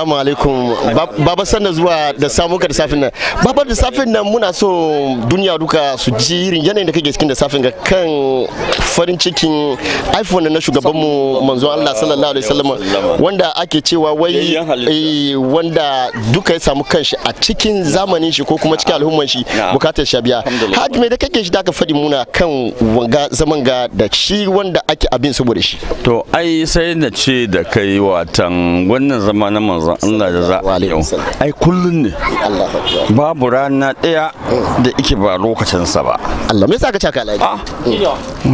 Assalamu alaikum baba sanda zuwa da samu ka da safin nan baba da safin nan muna so duniya duka su ji irin yanayin da kake cikin da safin ga kan farin cikin iPhone na shugaban mu manzo Allah sallallahu alaihi wasallam wanda ake cewa wai eh, wanda duka ya samu kanshi a cikin zamanin shi ko kuma cikin al'umman shi bukatar shabiya hadi me da kake shi da ka faɗi muna kan wanga zaman ga da shi wanda ake abin saboda shi to ai sai na ce da kai watan wannan zamanin manzo manzon Allah da za a yau ai kullun ne babu rana ɗaya da ike ba lokacinsa ba Allah me yasa ka caka alhaji ah,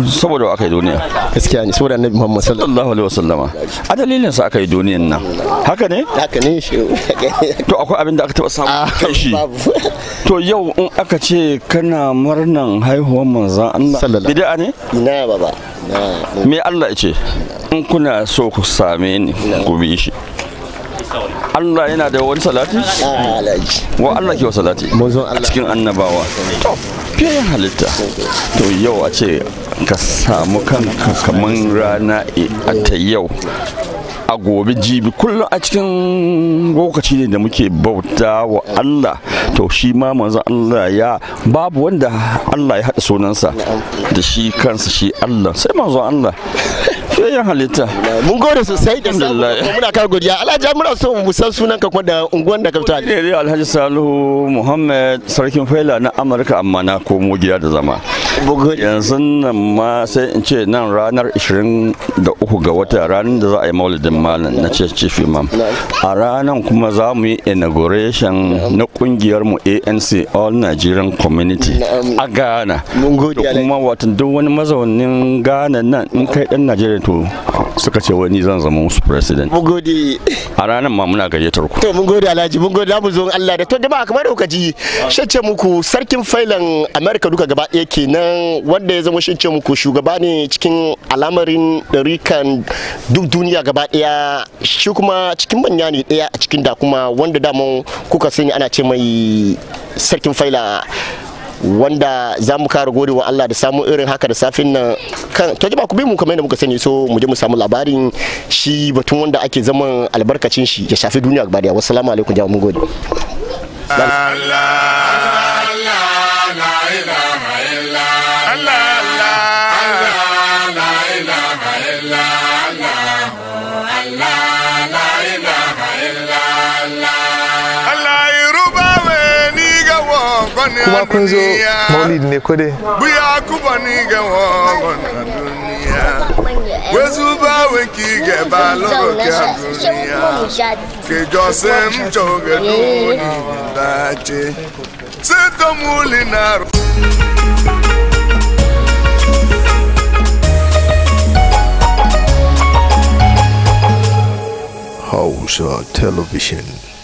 saboda aka yi duniya gaskiya ne saboda annabi Muhammad sallallahu alaihi wasallama a dalilin sa aka yi duniyan nan haka ne haka ne to akwai abin da aka taba samu ah, kai shi to yau in aka ce kana murnan haihuwar manzon Allah bid'a ne ina baba me Allah ya ce in kuna so ku same ni ku bi shi Allah yana da wani salati? Ah, wa Allah ke wa salati? A cikin annabawa. To, fiye halitta. To yau a ce ka samu kanka kamar rana e, a ta yau. a gobe jibi kullum a cikin lokaci ne da muke bauta wa Allah to shi ma manzon Allah ya babu wanda Allah ya haɗa sunansa da shi kansa shi Allah sai manzon Allah fiyayyen halitta mun gode sosai da samu muna kar godiya alhaji muna so mu san sunan ka da unguwan da kafta fito ne alhaji salihu muhammad sarkin faila na amurka amma na komo gida da zama bugun yanzu nan ma sai in ce nan ranar 23 ga wata ranar da za a yi maulidin malam na ce chief imam a ranar kuma za mu yi inauguration na kungiyar mu anc all nigerian community a ghana da kuma watan duk wani mazaunin ghana nan in kai dan najeriya to suka ce wani zan zama musu president mun gode a ranar ma muna gayyatar ku to mun gode alhaji mun gode mu zo Allah da to jama'a kamar da kuka ji shece muku sarkin failan America duka gaba ɗaya kenan wanda ya zama shece muku shugaba ne cikin al'amarin rikan duk duniya gaba ɗaya shi kuma cikin manya ne ɗaya a cikin da kuma wanda mu kuka sani ana ce mai sarkin faila wanda za mu kara gori wa Allah da samu irin haka da safin nan kan to jama'a ku bi mu kamar yadda muka sani so mu je mu samu labarin shi batun wanda ake zaman albarkacin shi ya shafi duniya gaba daya wassalamu alaikum jama'a mun gode Allah Kuwa kunzo moli di nekode Bia kuwa ni gen wakon an dunya We sou ba we ki ge balo ki an dunya Ke jose mchou gen ou li gen bache Se kon mou li naro Haousa Televisyon